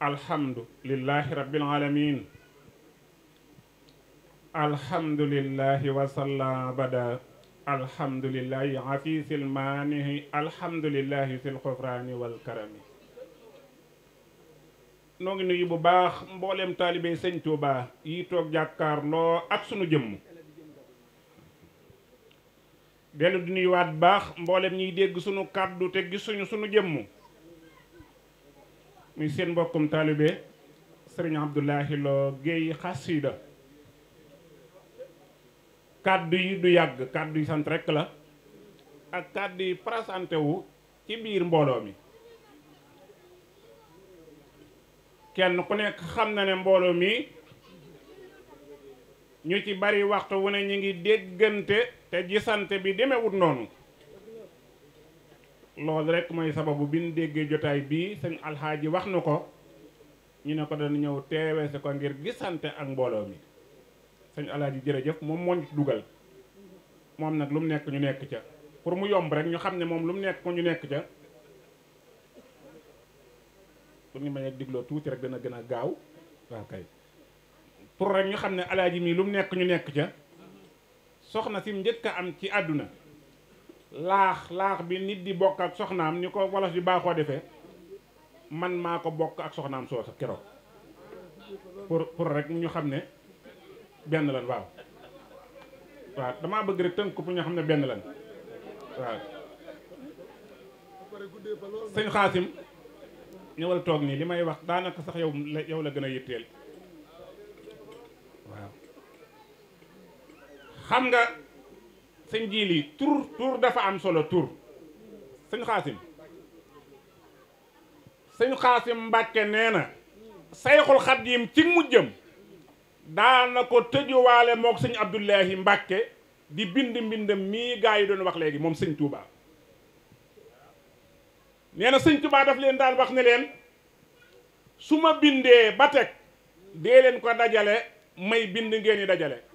alhamdu lillahi rabbil alamin alhamdulillahi wasalla bada alhamdulillahi afiisil maanihi alhamdulillahi fil xufraani wal karami noo bu baax mbooleem taalibe sëñ Tuuba yi toog jàkkaarloo ak sunu jëmm dellu di nuyuwaat baax mbooleem ñiy dégg sunu kàddu te gisuñu sunu jëmm muy seen mbokkum taalibe sëriñ Abdoulahi Lo Guèye xasida kàddu yi du yàgg kàddu yi sant rekk la ak kàddu yi présenté wu ci biir mbooloo mi kenn ku nekk xam na ne mbooloo mi ñu ci bari waxtu wu ne ñu ngi déggante te gisante bi demewut noonu loolu rek mooy sababu bi ñu déggee jotaay bii sëñ alxaaji wax na ko ñu ne ko dana ñëw teewee si ko ngir gisante ak mbooloo mi sëñ alxaaji jërëjëf moom moo ñu dugal moom nag lu mu nekk ñu nekk ca pour mu yomb rek ñu xam ne moom lu mu nekk ñu nekk ca pour ñu bañ a digloo tuuti rek dana gën a gaaw waaw pour ñu xam ne alaaji mii lu mu nekk ñu nekk ca soxna si njëkk a am ci àdduna laax laax bi nit di bokk ak soxnaam ni ko wolof bi baaxoo defee man maa ko bokk ak soxnaam soosa keroog pour pour rek ñu xam ne benn lan waaw waaw damaa bëgg rek tënk pour ñu xam ne benn lan waaw sëñ xaasim ñëwal toog nii li may wax daanaka sax yow la yow la gën a yitteel waaw xam nga sëñ ji lii tur tur dafa am solo tur sëñ xaasim sëñ xaasim mbàkke nee na sayxul xadiim ci mujjam daana ko tëjuwaale mook sëñ abdullahi mbàkke di bind mbindam mii gaa yi doon wax léegi moom sëñ tuubaa nee na sëñ tuubaa daf leen daan wax ne leen su ma bindee ba teg dee leen ko dajale may bind ngeen di dajale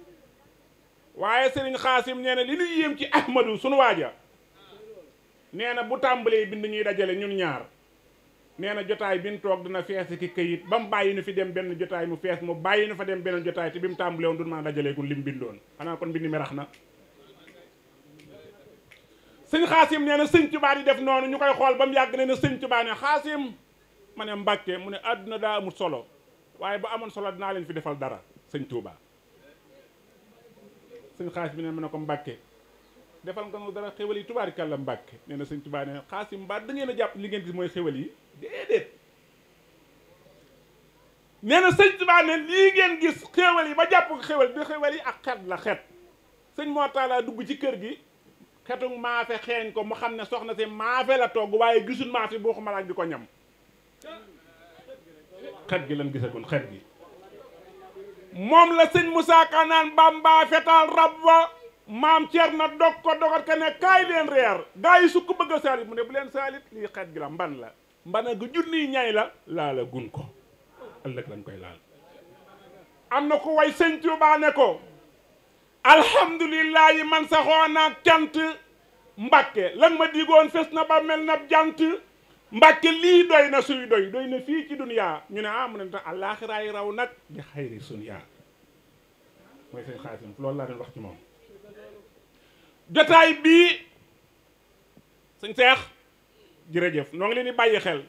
waaye sëriñ xaasim nee na li ñu yéem ci ahmadu sunu waaja nee na bu tàmbalee bind ñuy dajale ñun ñaar nee na jotaay bi nu toog dina fees ki kayit ba mu bàyyi nu fi dem benn jotaay mu fees mu bàyyi nu fa dem benn jotaay te bi mu tàmbalee woon du mën a dajaleekul lim bindoon xanaa kon mbind mi rax na sëñ xaasim nee na sëñ yi def noonu ñu koy xool ba mu yàgg nee na sëñ tubaa ne xaasim ma ne mbàkke mu ne àdduna daa amul solo waaye bu amoon solo dinaa leen fi defal dara sëñ sëñ xaas bi ne mu ne ko mbàkke defal nga nu dara xéwal yi la mbàkke nee na sëñ tubaa ne xaas yi mbaat da ngeen a jàpp li ngeen gis mooy xéwal yi ne lii ngeen gis xéwal yi ba jàpp ko xéwal bi xéwal yi ak xet la xet sëñ moo taalaa dugg ci kër gi xetu maafe xeeñ ko mu xam ne soxna si maafe la togg waaye gisul maafe boo xamalaak di ko ñam xet gi lan gisagul xet gi moom la sëñ Moussa Ka naan Bamba fetal rab wa maam Thierno dog ko dogat ka ne kaay leen reer gaa yi sukk a saalit mu ne bu leen saalit lii xeet gi la mban la mbana gu junniy ñay la laala gun ko ëllëg lañ koy laal am na ko way sëñ Tuubaa ko alhamdulillahi man saxoo naag cant Mbàkke lan ma digoon fes na ba mel na jant mbàkke lii doy na suy doy doy na fii ci duniyaa ñu ne am ah, mu ne tax àllaaxiraay raw nag bi xayri suniyaa mooy seen xaasim loolu laa doon wax ci moom jotaay bii sëñ seex jërëjëf noo ngi leen di bàyyi xel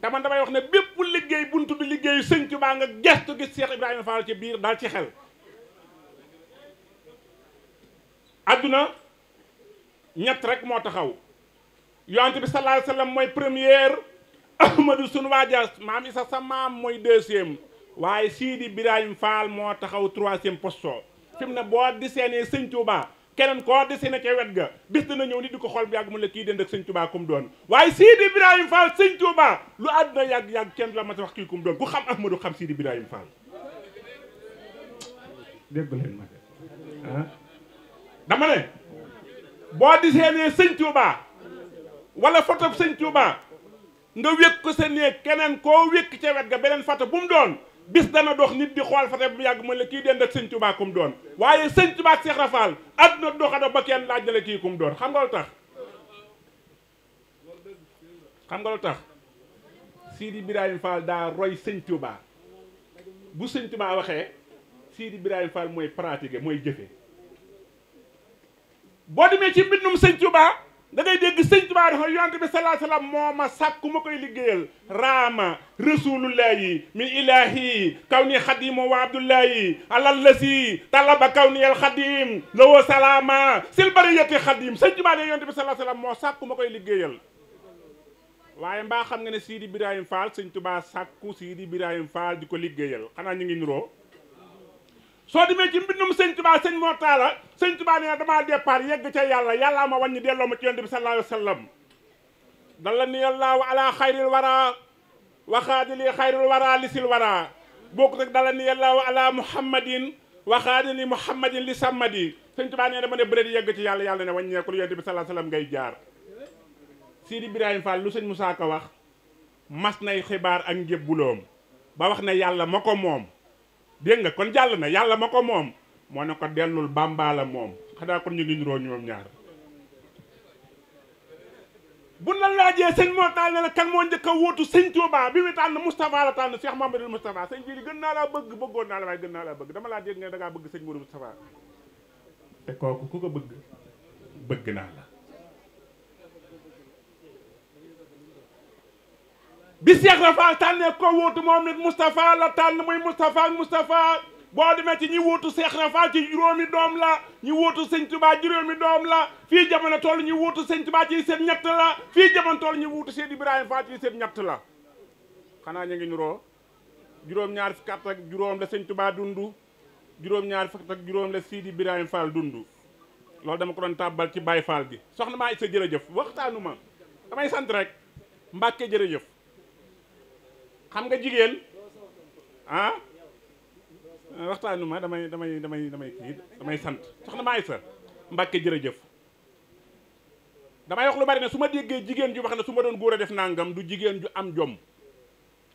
te man damay wax ne bépp liggéey buntu bi liggéeyu sëñ Tuubaa nga gestu gis Seex Ibrahima Fall ci biir daal ci xel àdduna ñett rek moo taxaw yonent bi sallallahu alayhi wa sallam mooy première ahmadou sunu waaja maam isa sa maam mooy deuxième waaye Sidi Birahim Fall moo taxaw troisième posto fi mu ne boo diseenee sëñ Touba keneen koo diseenee ca wet ga bis na ñëw nit di ko xool bi yàgg mu ne kii dend ak sëñ Touba kum doon waaye Sidi Birahim faal sëñ Touba lu àdduna yàgg-yàgg kenn du la ma wax kii kum doon ku xam ahmadou xam Sidi Birahim Fall dégg leen ma ah. dama ne boo diseenee sëñ Touba wala foto sëñ Touba nga wékk ko sa néeg keneen koo wékk ca wet ga beneen foto bu mu doon bis dana dox nit di xool foto bu yàgg mën la kii dend ak sëñ Touba ku doon waaye sëñ Touba ak Cheikh Rafal àdduna doxado ba kenn laaj na la kii ku doon xam nga lu tax xam nga lu tax Sidi Ibrahima Fall daa roy sëñ Touba bu sëñ Touba waxee Sidi Ibrahima Fall mooy pratiquer mooy jëfe boo demee ci mbindum sëñ Touba da dégg sëñ Tuubaa dafa yonent bi salaa salaam moo ma sàkku ma koy liggéeyal raama rasulullahi min ilahi kaw ni xadimu wa abdullahi alallasi talaba kaw ni al xadim lawoo salaama sil bariyati xadim sëñ Tuubaa de yonent bi salaa salaam moo sàkku ma koy liggéeyal waaye mbaa xam nga ne Sidi Birahim Fall sëñ Tuubaa sàkku Sidi Birahim Fall di ko liggéeyal xanaa ñu ngi niroo soo demee ci mbindum sëñ tubaa sëñ moo taala sëñ tubaa nee na damaa départ yegg ca yàlla yàllaa ma wàññi delloo ma ci yonent bi sallallahu alayhi wa sallam dalla ni yàllaahu ala xayril wara waxaadili xayril wara lisil wara bokku rek dalla ni yàllaahu ala muhammadin waxaadili muhammadin li sëñ tubaa nee dama ne bëre di yegg yàlla yàlla ne wàññeekul yonent bi sallallahu alayhi wa sallam ngay jaar Sidi Ibrahima Fall lu sëñ Moussa wax mas nay xibaar ak njëbbuloom ba yàlla ma ko dégg nga kon jàll na yàlla ma ko moom moo ne ko dellul bàmbaa moom xanaa kon ñu ngi niroo ñoom ñaar bu la laajee sëñ moo taal ne la kan moo njëkk a wóotu sëñ Touba bi mu tànn Moustapha la tànn Cheikh Mamadou Moustapha sëñ bi gën naa laa bëgg bëggoon naa la waaye gën naa laa bëgg dama laa dégg nga da ngaa bëgg sëñ Modou Moustapha te kooku ku ko bëgg bëgg naa la bi Cheikh Rafal tànnee ko wuutu moom nit Moustapha la tànn muy Moustapha ak Moustapha boo demee ci ñi wuutu Cheikh Rafal ci juróomi doom la ñi wuutu Sëñ Tuubaa juróomi doom la fii jamono toll ñi wuutu Sëñ Tuubaa ci seen ñett la fii jamono toll ñi wuutu Cheikh Ibrahima Fall ci seen ñett la xanaa ñu ngi nuroo juróom-ñaar fukk at ak juróom la Sëñ Tuubaa dund juróom-ñaar fukk ak juróom la Sidi Ibrahima Fall dund loolu dama ko doon tàbbal ci baay Fall gi soxna maa sa jërëjëf waxtaanu ma damay sant rek Mbàkke jërëjëf xam nga jigéen ah waxtaanu ma damay damay damay damay damay sant soxna Maay sa Mbàkke jërëjëf damay wax lu bari ne su ma déggee jigéen ju wax na su ma doon góor a def nangam du jigéen ju am jom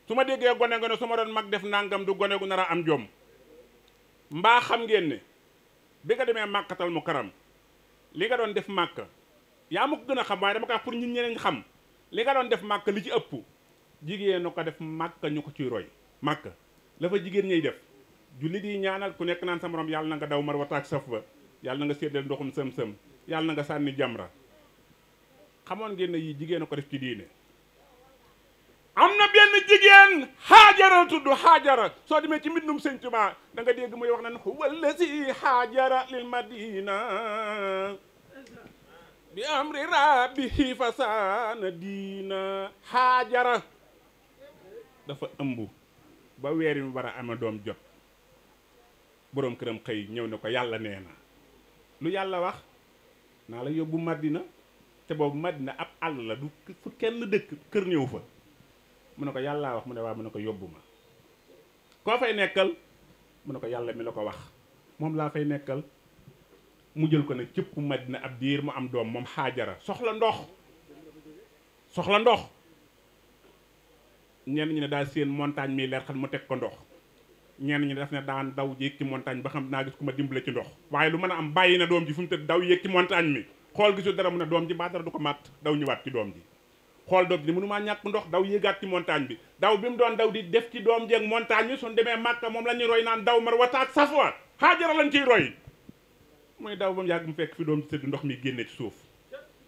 su ma déggee gone nga ne su ma doon mag def nàngam du gone gu nar a am jom mbaa xam ngeen ne bi nga demee màkkatal mu karam li nga doon def màkk yaa ma ko gën a xam waaye dama ko wax pour ñun ñeneen xam li nga doon def màkk li ci ëpp jigéen ko def màkk ñu ko ciy roy màkk la fa jigéen ñuy def jullit yi ñaanal ku nekk naan sa moroom yàlla na nga daw mar wataak saf ba yàlla na nga séddal ndoxum sëm-sëm yàlla na nga sànni jamra xamoon ngeen yi jigéen ko def ci diine am na benn jigéen xaajara tudd xaajara soo demee ci mbindum Sëñ Tuubaa danga nga dégg muy wax nan huwa allazi xaajara lil madina bi amri rabbihi fasana diina xaajara dafa ëmb ba weer wi war a amee doom jot boroom këram xëy ñëw ne ko yàlla nee na lu yàlla wax naa la yóbbu Madina te boobu Madina ab àll la du fu kenn dëkk kër ñëw fa mu ne ko yàllaa wax mu ne waa mu ne ko yóbbu ma koo fay nekkal mu ne ko yàlla mi la ko wax moom laa fay nekkal mu jël ko ne cëpp màddina ab diir mu am doom moom xaajara soxla ndox soxla ndox ñenn ñi ne daal seen montagne mi leer xel mu teg ko ndox ñenn ñi ne daf ne daan daw yéeg ci montagne ba xam naa gis ku ma dimbale ci ndox waaye lu mën a am bàyyi na doom ji fu mu tëdd daw yéeg ci montagne mi xool gisul dara mu ne doom ji mbaa dara du ko màtt daw ñëwaat ci doom ji xool doom ji mënumaa ñàkk ndox daw yéegaat ci montagne bi daw bi mu doon daw di def ci doom jeeg montagne bi suñ demee màkka moom la ñuy roy naan daw mar wataak safwa xaajara lañ ciy roy muy daw ba mu yàgg mu fekk fi doom ji ndox mi génne ci suuf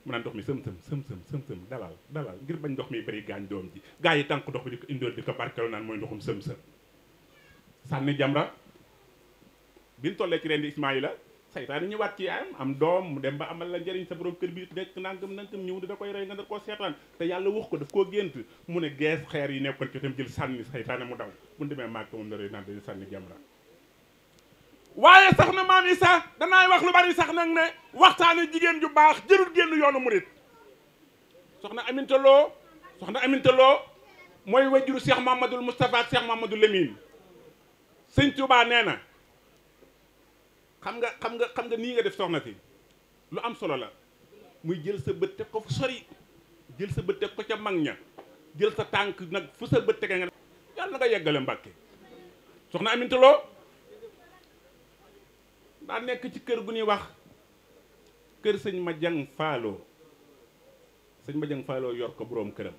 mu naan ndox mi sëm sëm sëm sëm sëm dalal dalal ngir bañ ndox mi bëri gaañ doom ji gaa yi tànk ndox bi di ko indool di ko barkeelu naan mooy ndoxum sëm sëm sànni jamra biñ tollee ci ren di Ismaayila saytaane ñëwaat ci yaayam am doom mu dem ba amal la njëriñ sa borom kër bi nekk nangam nangam ñëw di da koy rey nga da koo seetaan te yàlla wax ko daf koo gént mu ne gees xeer yi nekkoon ci jël sànni saytaane mu daw bu ñu demee màgg moom da waaye sax na maam Issa danaay wax lu bari sax nag ne waxtaane jigéen ju baax jërul génn yoonu murit soxna Aminta Lo soxna Aminta Lo mooy wajuru Cheikh Mamadou Moustapha ak Cheikh Mamadou Lemine sëñ Touba nee na xam nga xam nga xam nga nii nga def soxna si lu am solo la muy jël sa bët teg ko fu sori jël sa bët teg ko ca mag ña jël sa tànk nag fu sa bët tege nga yàlla na nga yeggale Mbàkke soxna Aminta daa nekk ci kër gu ñuy wax kër sëñ ma jang faaloo sëñ ma jang faaloo yor ko boroom këram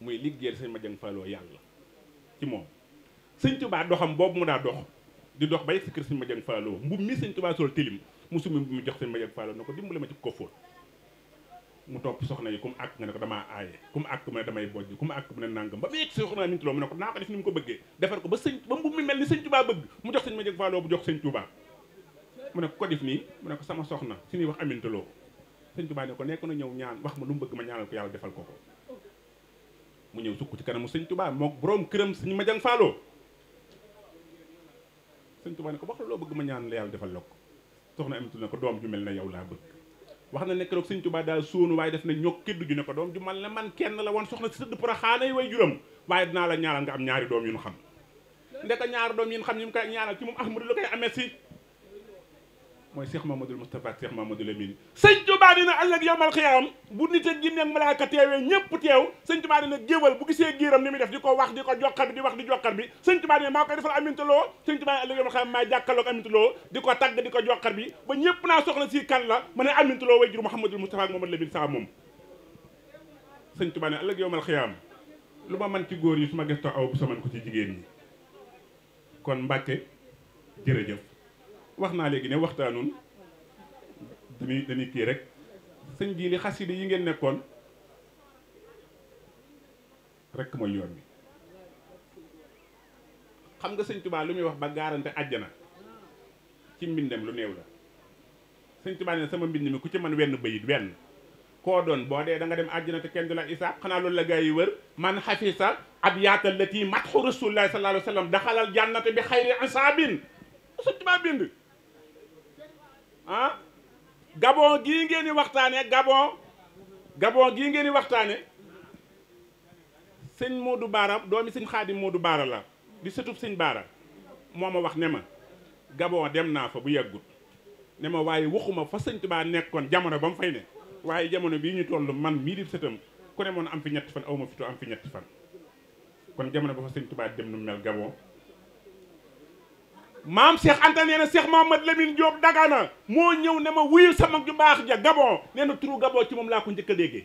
muy liggéeyal sëñ ma jang faaloo yàlla ci moom sëñ tubaa doxam boobu mu daa dox di dox ba yegg si kër sëñ ma jang faaloo mbubb mi sëñ tubaa sol tilim mu summi mbubb mi jox sëñ ma jang faaloo na ko dimbale ma ci ko fóot mu topp soxna yi comme mu àkk nga ne ko damaa aaye ku mu àkk mu ne damay bojj ku mu àkk mu a nàngam ba beeg soxna minti mu ne ko naa ko def defar ko ba sëñ ba mbubb mi mel ni mu jox sëñ ma jeg faaloo bu jox sëñ Tuubaa mu ne ko nii mu ne ko sama soxna si ñuy wax amintaloo sëñ Tuubaa ne ko nekk na ñëw ñaan wax ma lu mu bëgg ma ñaanal ko yàlla defal ko ko mu ñëw sukk ci kanamu sëñ Tuubaa moo boroom këram sëñ ma jang faaloo sëñ Tuubaa ne ko wax la loo bëgg ma ñaan la yàlla defal la ko soxna amintaloo ne ko doom ju mel na yow laa wax na ne keroog sëñ Tuubaa daal sóonu waaye def na ñokk keddu ju ne ko doom ju man la man kenn la woon soxna si sëdd poroxaana yi way juram waaye dinaa la ñaanal nga am ñaari doom yu ñu xam ndeka ñaari doom yu ñu xam ñu mu koy ñaanal ci moom ahmadu la koy amee si mooy Cheikh Mamadou Moustapha Cheikh Mamadou Lamine sëñ Tuubaa dina ëllëg yowmal xiyaam bu nit ak jinne ak malaaka teewee ñëpp teew sëñ Tuubaa dina géwal bu gisee giiram ni muy def di ko wax di ko joxar bi di wax di joxar bi sëñ jàkkaloo amintuloo di ko tagg di ko joxar bi ba ñëpp naa soxla si kan la ma ne amintuloo way jur Mouhamadou Moustapha ak Mamadou Lamine a moom sëñ Tuubaa ne ëllëg yowmal xiyaam lu ma man ci góor yi su ma gëstoo aw bu saman ko ci jigéen ñi kon Mbàkke jërëjëf wax naa léegi ne waxtaanoon dañuy dañuy kii rek sëñ bii li xasida yi ngeen nekkoon rek mooy yoon bi xam nga sëñ Tuubaa lu muy wax ba gaarante àjjana ci mbindam lu néew la sëñ Tuubaa ne sama mbind mi ku ci man wenn bayit wenn koo doon boo dee da nga dem àjjana te kenn du la isaab xanaa loolu la gaa yi wër man xafisa ab yaatal la tii matxu rasulillahi sallallahu alayhi wa sallam daxalal jannata bi xayri asaabin sëñ Tuubaa bind ah gabon gii ngeen di waxtaane gabon gabon gii ngeen di waxtaane sëñ Modou Baara doomi sëñ Xaadim du Baara la di sëtub sëñ Baara moo ma wax ne ma gabon dem naa fa bu yàggut ne ma waaye waxuma fa sëñ Tuubaa nekkoon jamono ba mu fay ne waaye jamono bii ñu toll man mii di sëtam ku ne moon am fi ñetti fan awma fitu am fi ñetti fan kon jamono ba fa sëñ Tuubaa dem nu mel gabon maam Cheikh Anta nee na Cheikh Mahamad Lamine Diop Dagana moo ñëw ne ma wuyul sama ju baax ja Gabon neena na turu Gabon ci moom laa ko njëkk a déggee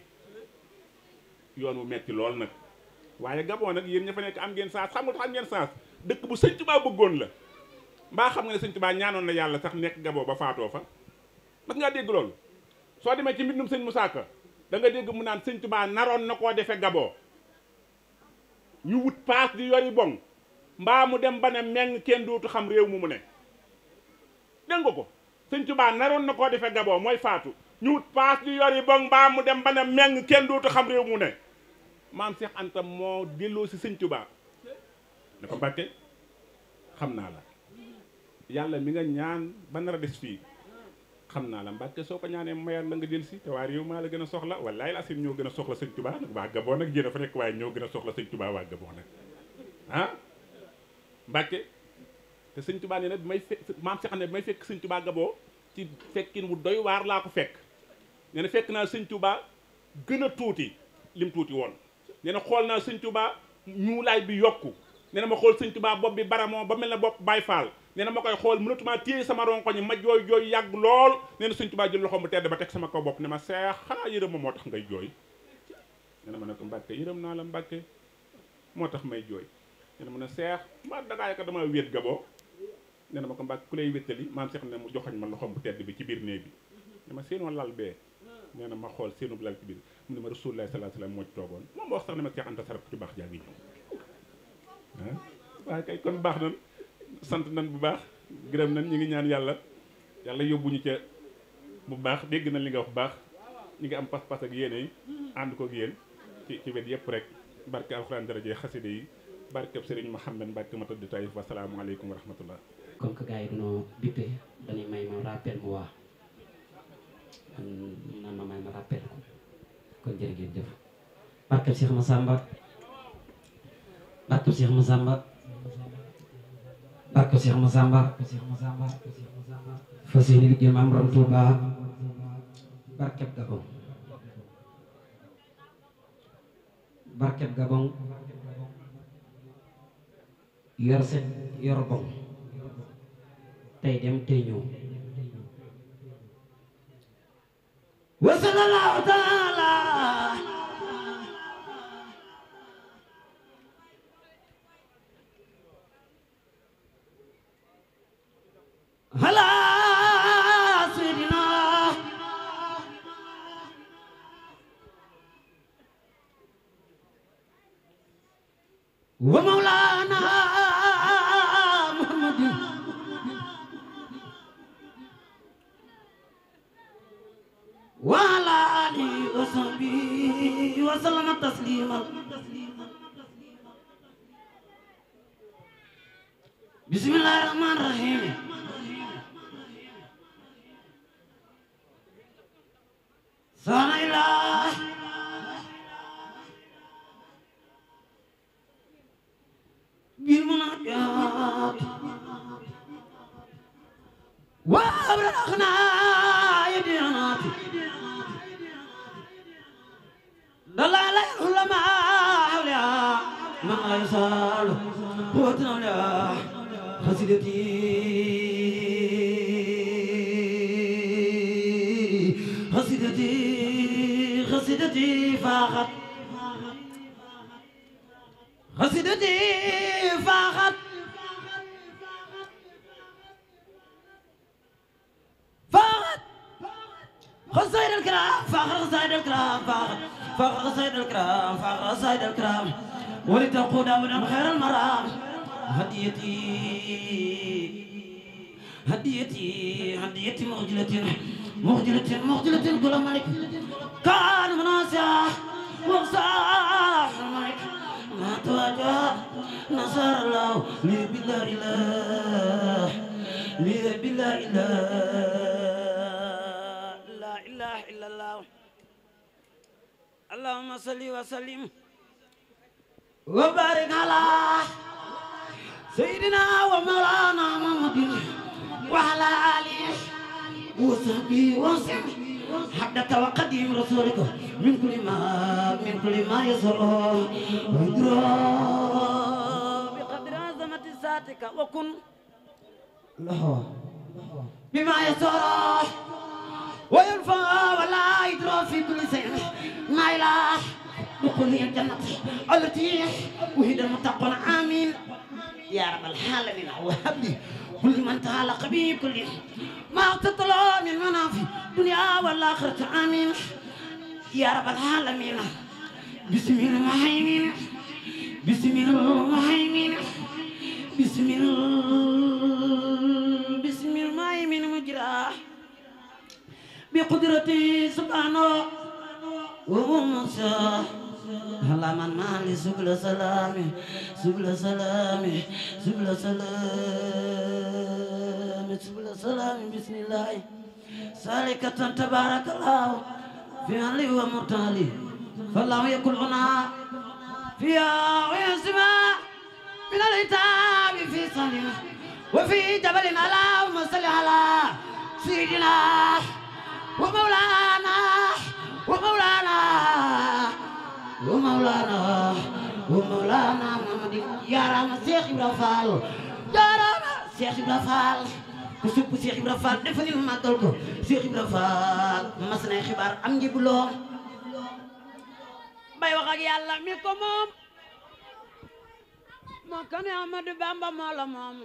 yoon wu metti lool nag waaye Gabon nag yéen ña fa nekk am ngeen chance xam nga tax am ngeen chance dëkk bu sëñ Tuubaa bëggoon la mbaa xam nga ne sëñ Tuubaa ñaanoon na yàlla sax nekk Gabon ba faatoo fa mas ngaa dégg lool soo demee ci mbindum sëñ Musaa Ka da nga dégg mu naan sëñ Tuubaa naroon na koo defe Gabon ñu wut di yori bong mbaa mu dem ba ne meng kenn dootu xam réew mu mu ne dégg nga ko sëñ Tuubaa naroon na koo defee gaboo mooy faatu ñu wut paas di yor yi bong mbaa mu dem ba ne meng kenn dootu xam réew mu ne maam Cheikh Anta moo delloo si sëñ Tuubaa ne ko Mbàkke xam naa la yàlla mi nga ñaan ba nar a des fii naa la Mbàkke soo ko ñaanee mayal la nga jël si waa réew maa la gën a soxla wallaahi laasim ñoo gën a soxla sëñ Tuubaa nag waa Gabon nag jéem fa nekk waaye ñoo gën a soxla sëñ Tuubaa waa Gabon nag ah? Mbàkke te sëñ Tuubaa nee na bi may fekk maam si xam ne bi may fekk sëñ Tuubaa Gabon ci fekkin wu doy waar laa ko fekk nee fekk naa sëñ Tuubaa gën a tuuti lim tuuti woon nee xool naa sëñ Tuubaa ñuulaay bi yokku nee na ma xool sëñ Tuubaa bopp bi baramoo ba mel na bopp Baay Faal nee na ma koy xool mënatuma téye sama ronkoñ ma jooy jooy yàgg lool nee na sëñ Tuubaa jël loxoom bu tedd ba teg sama kaw bopp ne ma seex xanaa yërëm ma moo tax ngay jooy nee ma ne ko Mbàkke yërëm naa la Mbàkke moo tax may jooy nee na mu ne seex ma dangaa yàkka damaa wéet gaboo nee na ma ko mbàkk ku lay wéttali maam seex ne mu joxoñ ma loxoom bu tedd bi ci biir néeg bi ne ma seenoon lal bee nee na ma xool seenu lal ci biir mu ne ma rasulullah sallallahu alayhi wasallam moo ci toogoon moom ma wax sax ne ma seex anta sarab ci baax jaa ngi waaye kay kon baax nan sant nan bu baax gërëm nan ñu ngi ñaan yàlla yàlla yóbbu ñu ca bu baax dégg na li nga wax baax ñi ngi am pas-pas ak yéene ànd ko ak ci ci yëpp rek barke alxuraan daraje xaside barkeb Serigne Mouhamed Mbacke ma tëdd Taïf wasalaamualeykum wa rahmatullah. comme que gars yi dañoo bippé dañuy may ma rappel mu waa man ma may ma rappel ko kon jërë ngeen jëf barkeb Cheikh Massamba barkeb Cheikh Massamba barkeb Cheikh Massamba fas yéene liggéey maam Ram Touba barkeb Gabon barkeb Gabon. yor seen yor bopp tey dem tey ñëw wa sallallahu taala ala sayyidina wa وصحبه وسلم تسليما بسم الله الرحمن الرحيم سبحان الله بالمناجات وابرأ الأخناق قصيدتي قصيدتي قصيدتي فاخت قصيدتي فاخت فاخت قصيد الكرام فاخر قصيد الكرام فاخر فاخر قصيد الكرام فاخر قصيد الكرام ولتقود من خير المرام هديتي هديتي هديتي مؤجلة مؤجلة مؤجلة كل ملك كان مناسع وصاح الملك ما تواجه نصر الله لي بالله إله لي بالله إله لا إله إلا الله اللهم صل وسلم وبارك على سيدنا ومولانا محمد وعلى آله وصحبه وسلم حدث وقديم رسولك من كل ما من كل ما يسره ودرا بقدر عظمة ذاتك وكن له بما يسره وينفع ولا يدرى في كل شيء ما إله دخول الجنة التي وهي المتقون آمين يا رب العالمين وهب لي كل من تعلق به كل ما تطلع من منافع الدنيا والآخرة آمين يا رب العالمين بسم المهيمن بسم المهيمن بسم بسم المهيمن مجراه بقدرته سبحانه ومنصاه halaman mali subla salami subla salami subla salami subla salami bismillah salikatan tabarakallah fi ali wa mutali فالله يكون هنا فيها ويسمع من العتاب في صليمه وفي جبل اللهم صل على سيدنا ومولانا wa mawlaana Muhammadin jaaraama Cheikh Ibra Fall jaaraama Cheikh Ibra Fall ku supp Cheikh Ibra Fall defal ñu màggal ko Cheikh Ibra Fall mas xibaar am njibu bay wax ak yàlla mi ko moom moo kane Amadou Bamba moo moom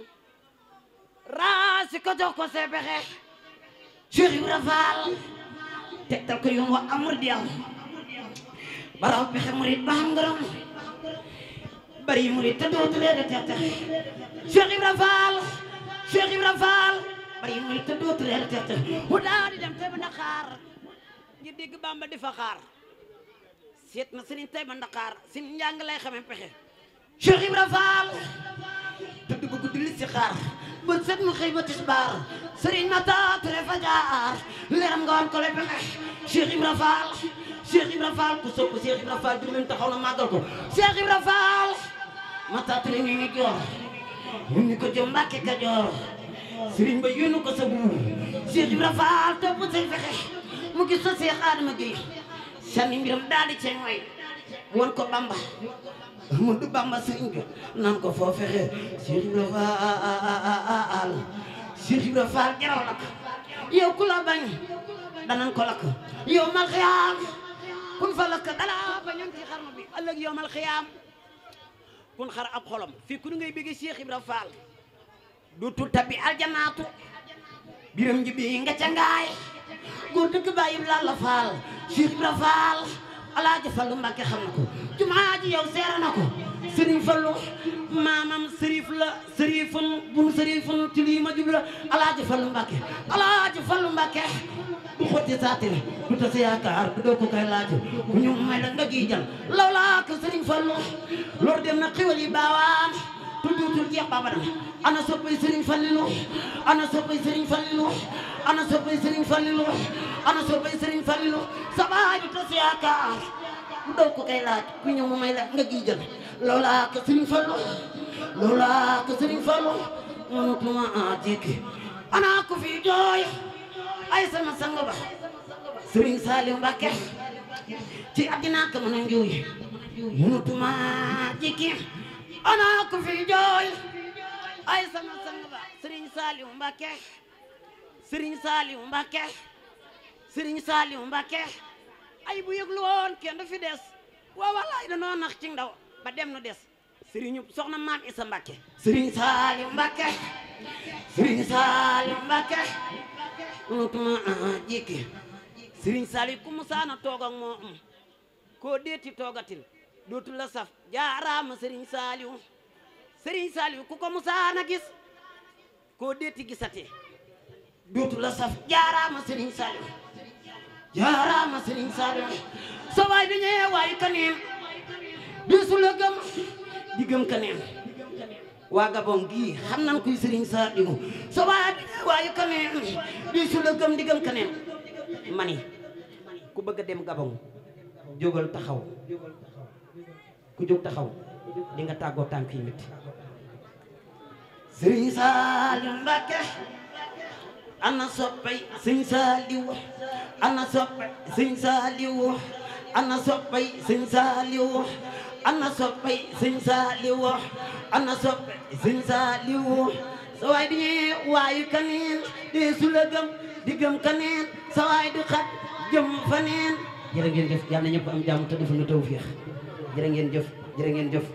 raasi ko jox see pexe Cheikh Ibra Fall tegtal ko yoon wa amur diaw baraw pexe murit ba xam ngërëm bari murid te dootu leen a texe Cheikh Ibra Fall Cheikh Ibra Fall bari murid te dootu leen a texe mu daa di dem tey ba Ndakaar ngir dégg Bamba di fa xaar seet na sëriñ tey ba Ndakaar sin njàng lay xamee pexe Cheikh Ibra Fall te dugg guddi li xaar bët set mu xëy ba tisbaar sëriñ na taatale fa jaar leeram nga wan ko le pexe Cheikh Ibra Fall Cheikh Ibra Fall ku sopp Cheikh Ibra Fall jug leen taxaw na màggal ko Cheikh Ibra Fall ma taatale ñu ñu joor ñu ñu ko jëm Mbàkke Kajoor sëriñ ba yónnu ko sa buur Cheikh Ibra Fall topp say fexe mu gis sa Cheikh Adama Gueye sànni mbiram daal di cee mooy won ko Bamba Ahmadu Bamba sëriñ bi naan ko foo fexe Cheikh Ibra Fall ah, ah, ah, Cheikh Ibra jaraw lakk yow ku la bañ danañ ko lakk yow mal kun fa lakk dala bañoon ci xarnu bi ëllëg yow mal kun xar ab xolom fii ku nu ngay bëgg Cheikh Ibra Fall du tuta bi aljanaatu biram ji bi nga ca ngaay góor dëkk bàyyim la la faal Cheikh Ibra Fall alaaji Fallu Mbàkke xam na ko jumaa ji yow seera na ko sëriñ Fallu maamam sërif la sërifun bun sërifun ci lii ma jub la alaaji Fallu Mbàkke alaaji Fallu Mbàkke du xotti saatir du ta sa yaakaar du doo ko koy laaj bu ñu may la gii jal law laa ko sëriñ Fallu loolu dem na xiwal yi baawaan tuddutul jeex baba dama ana soppay sëriñ Fallilu ana soppay sëriñ Fallilu ana soppay sëriñ Fallilu ana soppay Serigne Fallou sa baay bi tas yaakaar mu kay laaj ku ñëw mu may laaj nga gi jël loola ka Serigne Fallou loola ka Serigne Fallou mënutuma a jikki ana ku fi a njuuy mënutuma a jikki ana ku fi jooy ay sama sang ba Serigne Saliou Mbacké Serigne Saliou sëriñ Saaliw Mbàkke ay bu yëglu woon kenn du fi des waaw walaay danoo nax ci ndaw ba dem nu des sëriñu soxna maam Isa Mbàkke sëriñ Saaliw Mbàkke sëriñ Saaliw Mbàkke unutuma jikki sëriñ Saaliw ku musaana toog ak moom koo deeti toogatin dootu la saf jaaraama sëriñ Saaliw sëriñ Saaliw ku ko musaana gis koo deeti gisati dootu la saf jaaraama sëriñ Saaliw jaaraama Serigne Saliou sa waay bi ñëwee waay kaneen bisu la gëm di gëm kaneen waa Gabon gii xam nan kuy Serigne Saliou sa waay bi ñëwee waay kaneen bisu la gëm di gëm kaneen mani ku bëgg a dem Gabon jógal taxaw ku jóg taxaw di nga tàggoo tànk yi métti Serigne Saliou Mbacké ana soppay sëñ Saaliw ana soppay sëñ Saaliw ana soppay sëñ Saaliw ana soppay sëñ Saaliw ana soppay sëñ Saaliw sawaay di ñee waayu kaneen dee su la gëm di gëm kaneen sawaay di xat jëm faneen jërë ngeen jëf yal na ñëpp am jàmm te defal na tawfiix jërë jëf jërë ngeen jëf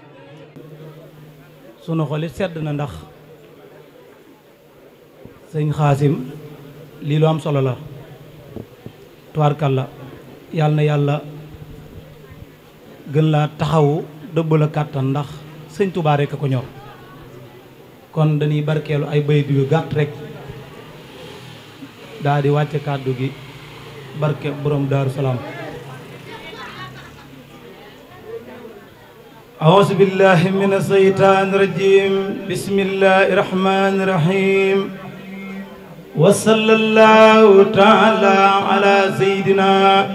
sunu xol sedd na ndax sëñ xaasim lii lu am solo la tubaarkal la yàlla na yàlla gën laa taxawu dëbb la kàttan ndax sëñ tubaa a ko kon dañuy barkeelu ay bayit yu gàtt rek daa di wàcce kàddu gi barke borom daaru وصلى الله تعالى على سيدنا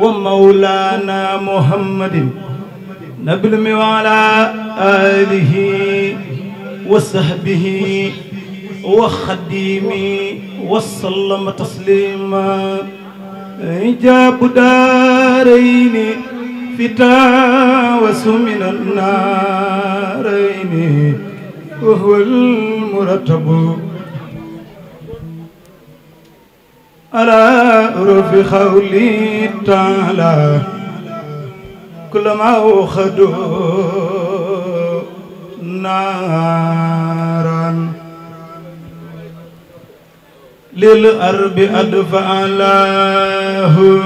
ومولانا محمد نبلم وعلى آله وصحبه وخديمه وسلم تسليما إجاب دارين فتا وسمن النارين وهو المرتب على رف خولي تعالى كلما أخذوا نارا للأرب أدفع لهم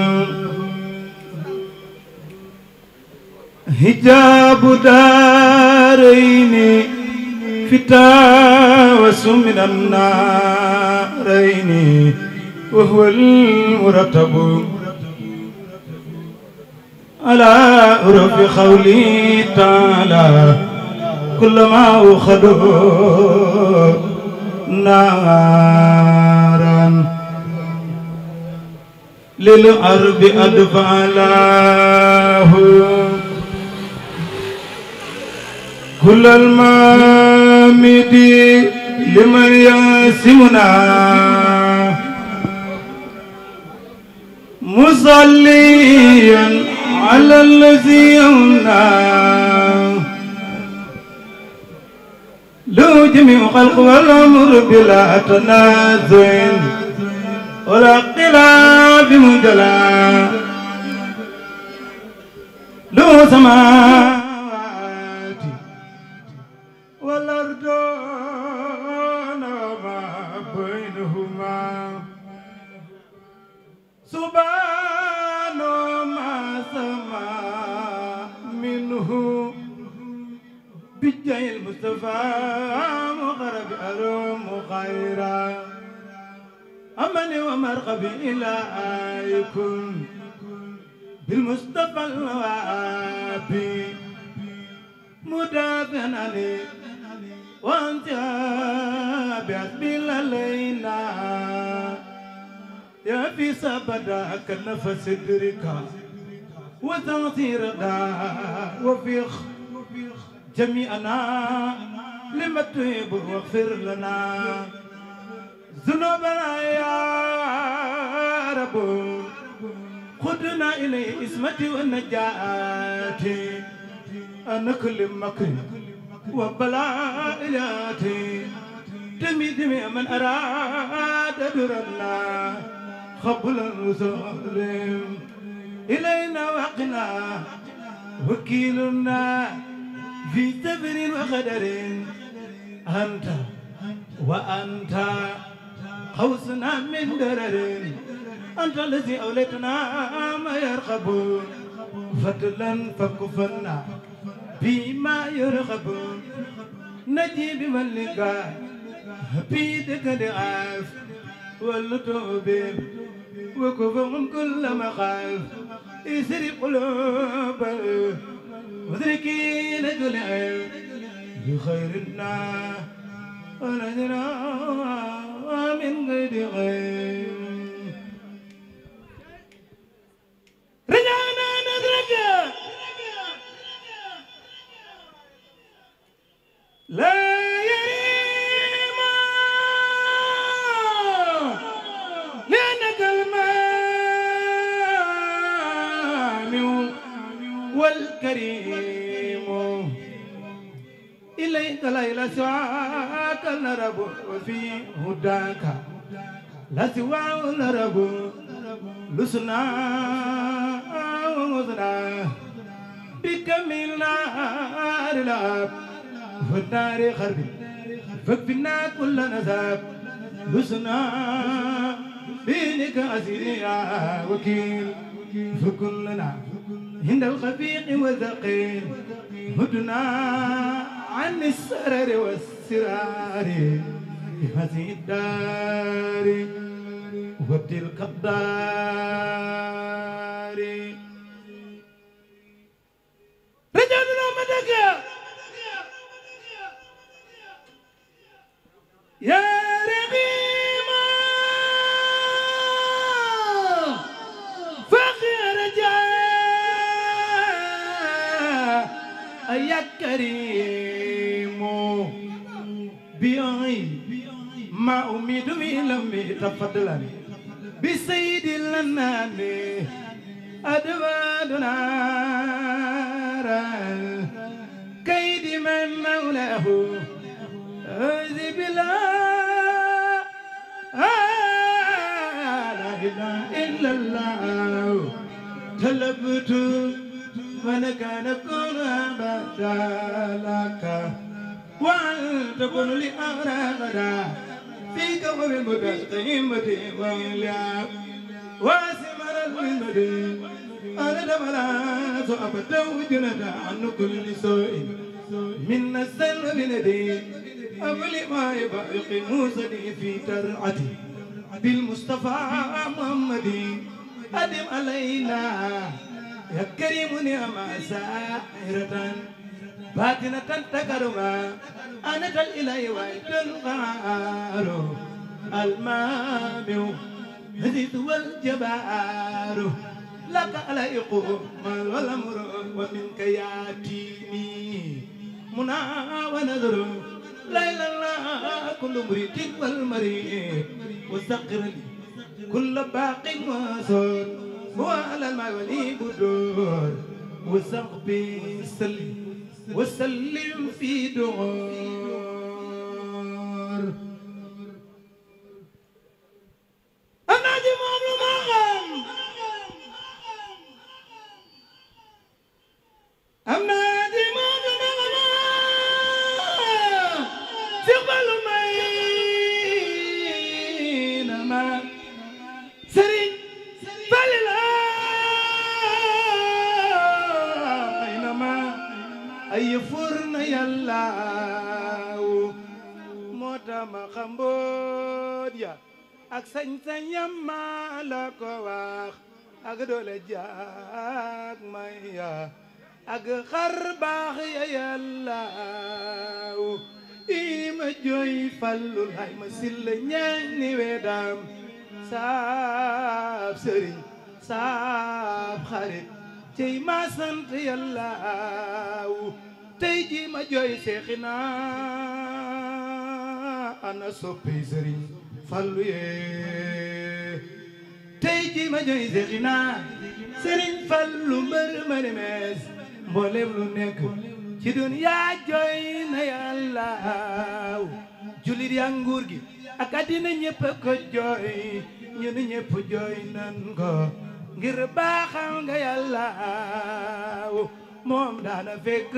هجاب دارين فتاة وسمنا النارين وهو المرتب على حروف قوله تعالى كل ما أخذه نارا للأرض أدفعلاه كل المامد لمن ياسمنا مصليا على الذي يمنع لو جميع خلق والأمر بلا تنازع ولا اختلاف مجلى لو سماع جاي المصطفى مغرب أروم خيرا أمني ومرغبي إلى آيكم بالمصطفى الوابي مدافعا علي وانت بعث لينا يا في سبدك نفس دركا وتغطير دا وفي خ جميعنا لما تهب واغفر لنا ذنوبنا يا رب خدنا إليه اسمتي والنجاة أنا كل مكر وبلاء إلاتي دمي دمي من أراد درنا قبل الظالم إلينا وقنا وكيلنا في جبر وقدر أنت وأنت قوسنا من درر أنت الذي أوليتنا ما يرغب فضلا فكفنا بما يرغب نجي بمن لقى بيدك دعاف واللطوب وكفهم كل مخاف يسري قلوبه مدركين كل علم بخير الله ونجرى من غير غير رجعنا ندرك لا والكريم إليك ليلى سواك نرب في هداك لا سوى نرب لسنا ومزنا بك من نار الأب والنار خرب فكفنا كل نزاب لسنا بينك أسيريا وكيل فكلنا هند الخفيق والثقيل هدنا عن السرر والسرار بهذه الدار وتلك الدار رجعنا مدك يا الكريم بعي ما أميد لم تفضلا بسيد الأنام أدوادنا كيد من مولاه أعوذ بالله لا إله إلا الله طلبت ولك نكون ما شاء لك وأن تكون لأغراضنا فيك وبالمتقيمة وإلا واسمر المدين أنا دمرات أبدا وجنة عن كل سوء من السلم بندي أبلي ما يبقي موسني في ترعتي بالمصطفى محمدي أدم علينا يا كريم يا مسائرة باطنة تكرما أنت الإله وأنت الغار المامع هديت والجبار لك عليق مال والأمر ومنك يأتيني منا ونذر ليلا لا كل مريد والمريد وسقر لي كل باق وصول وعلى المولي بدور وثق بسلم وسلم في دور أنا جمال مغم أمنا fur na yàlla ma xam ya ak sañ la ko wax ak doole jaag may ya ak xar baax ya yàlla ii ma jooy fallu lay ma silla ñaan ni wedaam saab sëriñ saab xarit cey ma sant tey jii ma jooy seexina ana soppey sëriñ fallu yee tey jii ma jooy seexina sëriñ fallu mbër ma ni mees lu nekk ci duniya jooy na yàlla jullit yaa nguur gi ak àddina ñépp ko jooy ñu nu ñépp jooy nan ko ngir baaxam nga yàlla moom daana fekk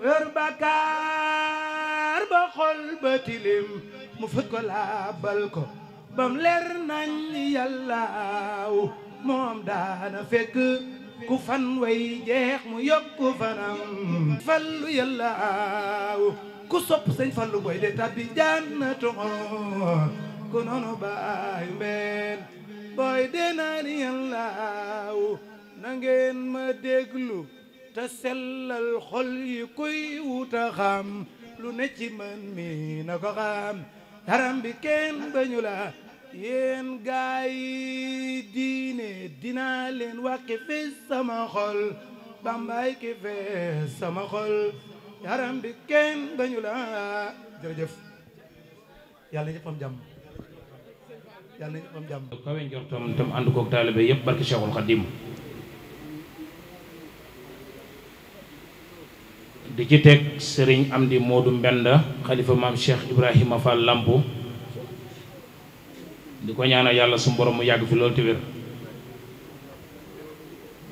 weeru bàkkaar ba xol ba tilim mu fët ko laabal ko bam leer nañ yàllaaw moom daana fekk ku fan way jeex mu yokku fanam fallu yàllaaw ku sopp sëñ fallu boy de tabbi jannatu ku noonu baayu mbeen boy de naan yàllaaw na ngeen ma déglu te sellal xol yi koy wuta xam lu ne ci mën mi na ko xam taram bi kenn bañu la gaay yi diine dinaa leen wàqi fees sama xol bambaay ki fees sama xol yaram bi kenn bañu la jërëjëf yàlla ñëpp am jàmm yàlla ñëpp am jàmm kawe njortam tam ànd koog taalibe yëpp barki Cheikhul Khadim di ci teg sëriñ Amdi Moodu Mbend xalifa maam Cheikh Ibrahima Fall Lampo di ko ñaanal yàlla su borom mu yàgg fi loolu te wér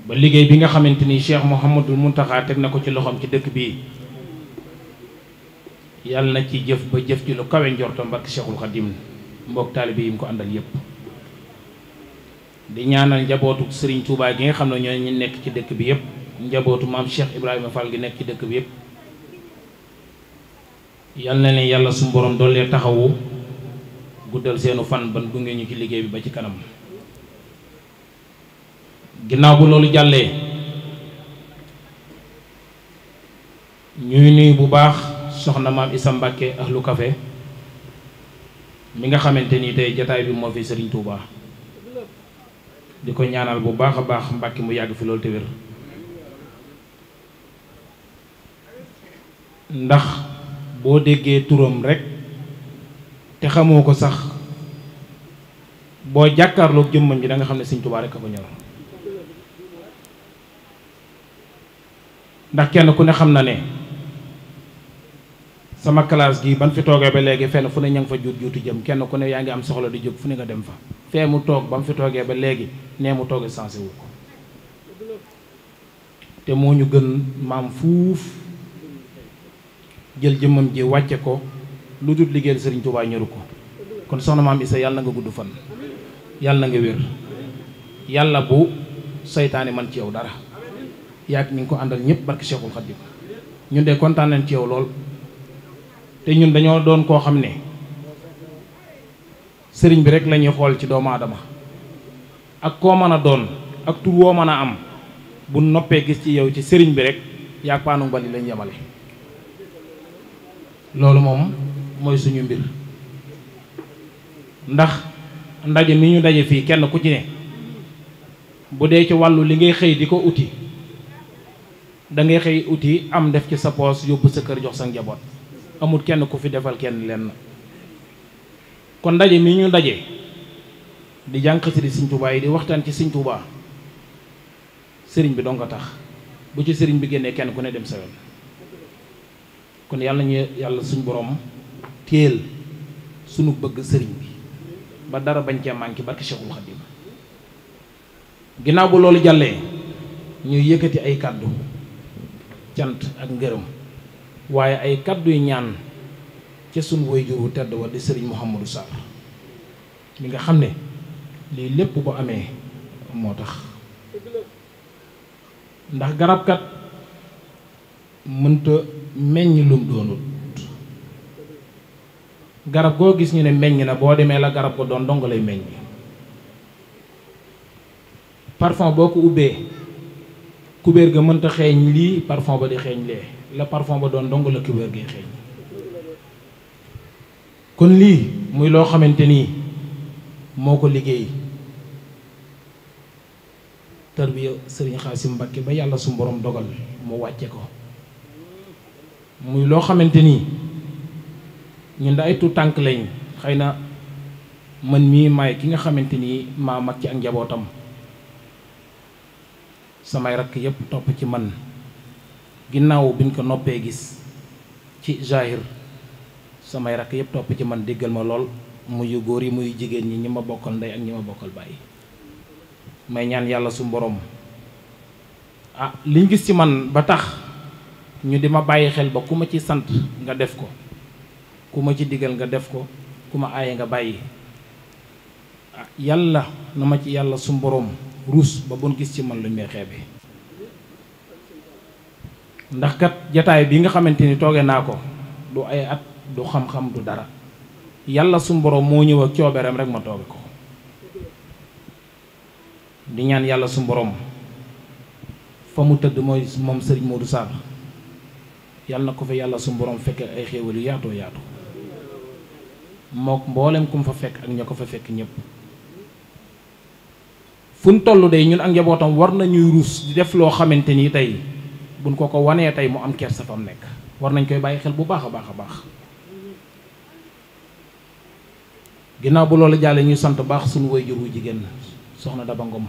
ba liggéey bi nga xamante ni Cheikh Mouhamadul Mountakha teg na ko ci loxoom ci dëkk bi yàlla na ci jëf ba jëf ci lu kawe njortam barke Cheikhul Khadim mbokk taalibe yi mu ko àndal yépp di ñaanal njabootu Serigne Touba gi nga xam ne ñoo ñu nekk ci dëkk bi yépp njabootu maam Cheikh Ibrahima fal gi nekk ci dëkk bi yëpp yal na leen yàlla suñu borom doolee taxawu guddal seenu fan ban gunge ñu ci liggéey bi ba ci kanam ginnaaw bu loolu jàllee ñuy nuyu bu baax soxna maam Issa Mbàkke ahlu kafe mi nga xamante ni tey jataay bi moo fi Sëriñ Tuubaa di ko ñaanal bu baax a baax Mbàkke mu yàgg fi loolu te ndax boo déggee turam rek te xamoo ko sax boo jàkkaarloog jëmmañ ji danga xam ne sëñ Tuubaa rek a ko ñor ndax kenn ku ne xam na ne sama kalaas gi ban fi toogee ba léegi fenn fu ne ña ngi fa juut juutu jëm kenn ku ne yaa ngi am soxla di jóg fu ne nga dem fa fee mu toog ba mu fi toogee ba léegi nee mu toogee sensé wu ko te moo ñu gën maam fuuf jël jëmmam ji wàcce ko lu dul liggéeyal sëriñ Tuubaa ñoru ko kon soxna maam Isa yàlla nga gudd fan yàlla nga wér yàlla bu seytaane man ci yow dara yaag ñi ngi ko àndal ñëpp barke Cheikhul Khadim ñu de kontaan nañ ci yow lool te ñun dañoo doon koo xam ne sëriñ bi rek lañuy xool ci doomu aadama ak koo mën a doon ak tur woo mën a am bu noppee gis ci yow ci sëriñ bi rek yaag paanu mbali lañ yemale loolu moom mooy suñu mbir ndax ndaje mi ñu daje fii kenn ku ci ne bu dee ci wàllu li ngay xëy di ko uti dangay ngay xëy uti am def ci sa poos yóbbu sa kër jox sa njaboot amul kenn ku fi defal kenn leen kon ndaje mi ñu daje di jànq si di Sëriñ Tuubaa yi di waxtaan ci Sëriñ Tuubaa sëriñ bi dong ko tax bu ci sëriñ bi génnee kenn ku ne dem sa kon yàlla ñu yàlla suñ borom téel sunu bëgg sëriñ bi ba dara bañ cee manqué barke Cheikhul Khadim ginnaaw bu loolu jàllee ñuy yëkkati ay kàddu cant ak ngërëm waaye ay kàddu yu ñaan ca sunu waajur wu tedd wa di sëriñ Mouhamadou Sarr mi nga xam ne lii lépp bu amee moo tax ndax garabkat mënta meññ lum doonul garab goo gis ñu ne meññ na boo demee la garab ko doon dong lay meññ parfum boo ko ubbee kubéer ga mënta xeeñ lii parfon ba di xeeñ lee la parfon ba doon dong la kubéer gi xeeñ kon lii muy loo xamante nii moo ko liggéey tarbiya sëriñ Xaasim Mbàkke ba yàlla su borom dogal mu wàcce ko muy loo xamante nii ñun da tànk lañ xëy na man mii may ki nga xamante nii maa mag ci ak njabootam samay rakk yépp topp ci man ginnaaw biñ ko noppee gis ci jaahir samay rakk yépp topp ci man déggal ma lool muy góor yi muy jigéen ñi ñi ma bokkal ndey ak ñi ma bokkal bàyyi may ñaan yàlla su mboroom ah liñ gis ci man ba tax ñu di ma bàyyi xel ba ku ma ci sant nga def ko ku ma ci digal nga def ko ku ma aye nga bàyyi ah, yàlla na ma ci yàlla su ruus ba bon gis ci man lu may bi ndax kat jataay bi nga xamante ni tooge naa ko du ay at du xam-xam du dara yàlla su mboroom moo ñëw ak coobereem rek ma tooge ko di ñaan yàlla su mboroom fa mu tëdd mooy moom sëriñ Modou Sarr yàlla na ko fa yàlla suñu borom fekkee ay xéewal yu yaatoo yaatu mook mboolem ku fa fekk ak ña ko fa fekk ñëpp fu mu toll day ñun ak njabootam war nañuy ruus di def loo xamante ni tey buñ ko ko wanee tey mu am kersa fa mu nekk war nañ koy bàyyi xel bu baax a baax a baax ginnaaw bu loolu jàllee ñuy sant baax suñu waajur wu jigéen soxna Daba Ngom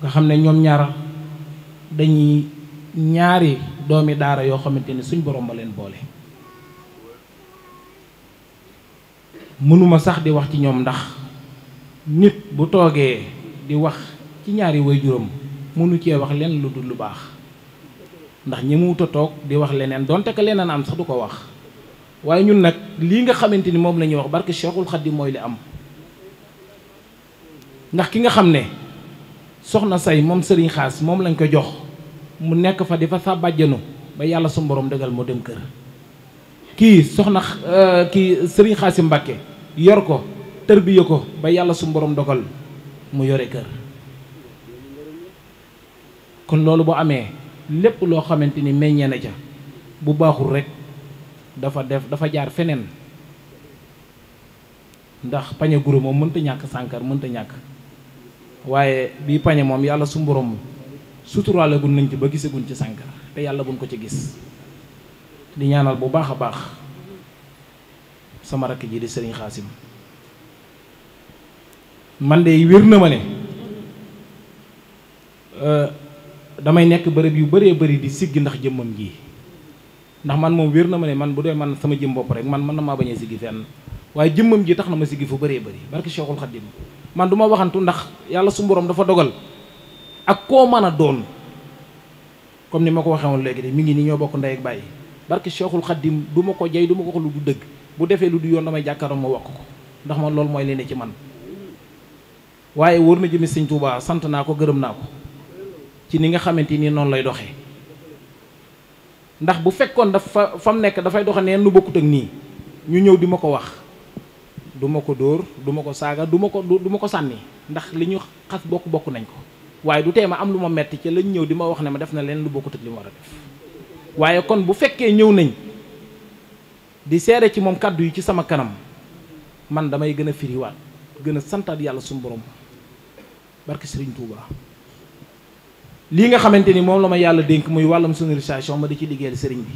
nga xam ne ñoom ñaar dañuy ñaari doomi daara yoo xamante ni suñ borom ba leen boole mënuma sax di wax ci ñoom ndax nit bu toogee di wax ci ñaari woy juróom mënu cee wax leen lu dul lu baax ndax ñi mu wuta toog di wax leneen donte que leneen am sax du ko wax waaye ñun nag lii nga xamante ni moom lañuy wax barke Cheikhul Khadim mooy li am ndax ki nga xam ne soxna say moom sëriñ xaas moom lañ ko jox mu nekk fa di fa sa bàjjanu ba yàlla su dogal dëggal moo dem kër kii soxna euh, kii sëriñ Xaasim Mbàkke yor ko tërbiye ko ba yàlla su borom dogal mu yore kër kon loolu bu amee lépp loo xamante ni meññee na ca bu baaxul rek dafa def dafa jaar feneen ndax pañe guro moom mënta ñàkk sànkar mënta ñàkk waaye bii pañe moom yàlla su borom suturaalagun nañ ci ba gisagun ci sànkara te yàlla bu buñ ko ci gis di ñaanal bu baax a baax sama rakk ji di sëriñ xaasim man de wér na ma ne euh, damay nekk bërëb yu bëree bëri di siggi ndax jëmmam ji ndax man moom wér na ma ne man bu dee man sama jëm bopp rek man mën na maa bañ a siggi fenn waaye jëmmam ji tax na ma siggi fu bëree bëri barke Cheikhul Khadim man du waxantu ndax yàlla su mborom dafa dogal ak koo mën a doon comme ni ma ko waxee woon léegi de mi ngi nii ñoo bokk ndey ak bàyyi barke Cheikhul Khadim duma ma ko jey du ko wax du dëgg bu defee lu du yoon damay jàkkaaram ma wax ko ndax man loolu mooy li ne ci man waaye wóor na jëmi sëñ Touba sant naa ko gërëm naa ko ci ni nga xamante ni noonu lay doxee ndax bu fekkoon dafa fam nekk dafay doxe neen nu bokkut ak nii ñu ñëw di ma ko wax duma ko dóor duma ko saaga duma ko du ma ko sànni ndax li ñu xas bokk nañ ko waaye du tee ma am lu ma metti ci lañ ñëw di ma wax ne ma def na leen lu bokkut ak li ma war a def waaye kon bu fekkee ñëw nañ di seere ci moom kàddu yi ci sama kanam man damay gën a firiwaat gën a santaat yàlla suñu borom barke Sëriñ Tuuba lii nga xamante ni moom la ma yàlla dénk muy wàllum sonorisation ma di ci liggéeyal sëriñ bi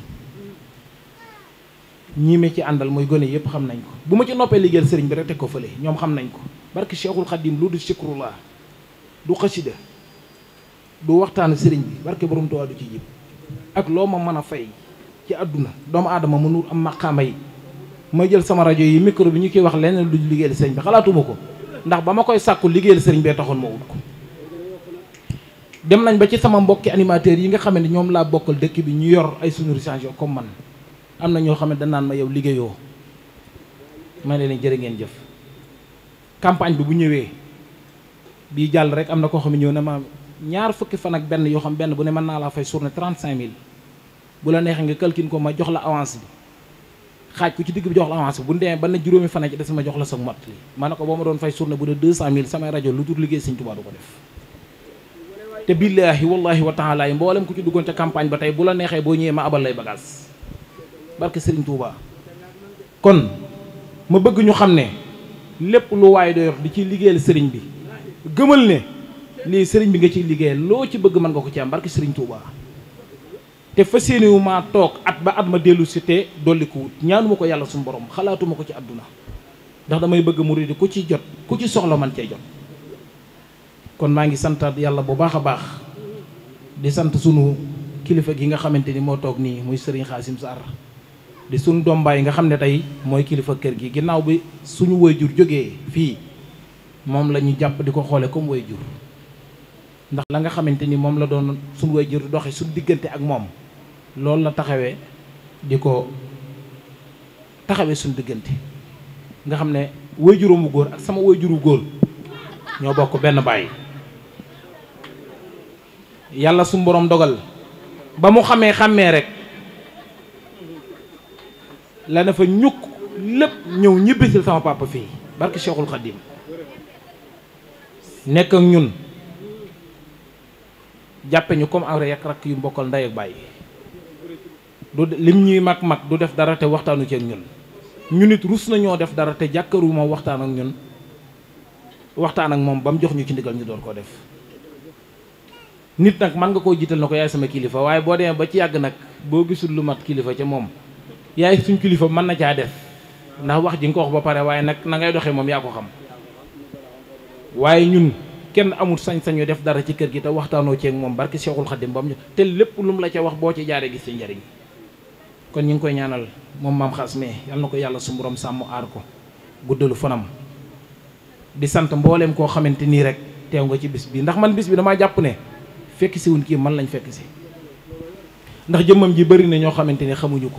ñii ma ci àndal muy gone yëpp xam nañ ko bu ma ci noppee liggéeyal sëriñ bi rek te ko fële ñoom xam nañ ko barke Cheikhul Khadim lu du sikrullah du xasida du waxtaan sëriñ bi barke borom Tuubaa du ci jib ak loo ma mën a fay ci àdduna doomu aadama mënul am maqaama yi ma jël sama rajo yi micro bi ñu koy wax leneen lu liggéeyal sëriñ bi xalaatuma ko ndax ba ma koy sàkku liggéeyal sëriñ bee taxoon ma wut ko dem nañ ba ci sama mbokki animateurs yi nga xam ne ñoom laa bokkal dëkk bi ñu yor ay sonorisation comme man am na ñoo xam ne dañ naan ma yow liggéeyoo ma ne nañ jërë ngeen jëf campagne bi bu ñëwee bii jàll rek am na koo xam ne ñëw na ñaar fukki fan ak benn yoo xam benn bu ne mën naa laa fay journée trente cinq mille bu la neexee nga calcule ko ma jox la avance bi xaaj ku ci digg jox la avance bi bu ñu demee ba ne juróomi fan ci des ma jox la sa mot li ma ne ko boo ma doon fay journée bu ne deux cent mille samay rajo lu dul liggéey Sëñ Tuubaa du ko def te billaahi wallaahi wa taala yi mboolem ku ci duggoon ca campagne ba tey bu la neexee boo ñëwee ma abal lay bagage barke Sëriñ Tuubaa kon ma bëgg ñu xam ne lépp lu waay doyox di ci liggéeyal sëriñ bi gëmal ne lii sëriñ bi nga ciy liggéey loo ci bëgg mën nga ko ci am barke sëriñ Touba te fas yéene maa toog at ba at ma dellu si te dolli ko ñaanuma ko yàlla suñu borom xalaatuma ko ci àdduna ndax damay bëgg mu ridi ku ci jot ku ci soxla man cee jot kon maa ngi santaat yàlla bu baax a baax di sant sunu kilifa gi nga xamante ni moo toog nii muy sëriñ Xaasim Sarr di suñu dombaay nga xam ne tey mooy kilifa kër gi ginnaaw bi suñu woy jur jógee fii moom lañuy jàpp di ko xoole comme wayjur ndax la nga xamante ni moom la doon suñu way jur doxe suñu diggante ak moom loolu la taxawee di ko taxawee suñu diggante nga xam ne way juróomu góor ak sama way juru góor ñoo bokk benn bàyyi yàlla suñu boroom dogal ba mu xamee xàmmee rek la na fa ñukk lépp ñëw ñibbisil sama papa fii barke Cheikhul Khadim nekk ak ñun jàppe ñu comme aw rek rakk yu mbokkal ndey ak bàyyi du lim ñuy mag mag du def dara te waxtaanu ci ak ñun ñu nit rus nañoo def dara te jàkkaru ma waxtaan ak ñun waxtaan ak moom ba mu jox ñu ci ndigal ñu doon koo def nit nag mën nga koo jiital na ko yaay sama kilifa waaye boo demee ba ci yàgg nag boo gisul lu mat kilifa ca moom yaay suñ kilifa mën na caa def ndax wax ji nga ba pare waaye nag na ngay doxee moom yaa ko xam waaye ñun kenn amul sañ-sañu def dara ci kër gi te waxtaanoo ceeg moom barki Seexul Xadim bam ñu te lépp lu mu la ca wax boo ci jaaree gis ci njariñ kon ñu ngi koy ñaanal moom maam xaas me yal na ko yàlla su borom sàmm aar ko guddalu fonam di sant mbooleem koo xamante nii rek teew nga ci bis bi ndax man bis bi damaa jàpp ne fekk si wuñ kii man lañu fekk si ndax jëmmam ji bari na ñoo xamante ne xamuñu ko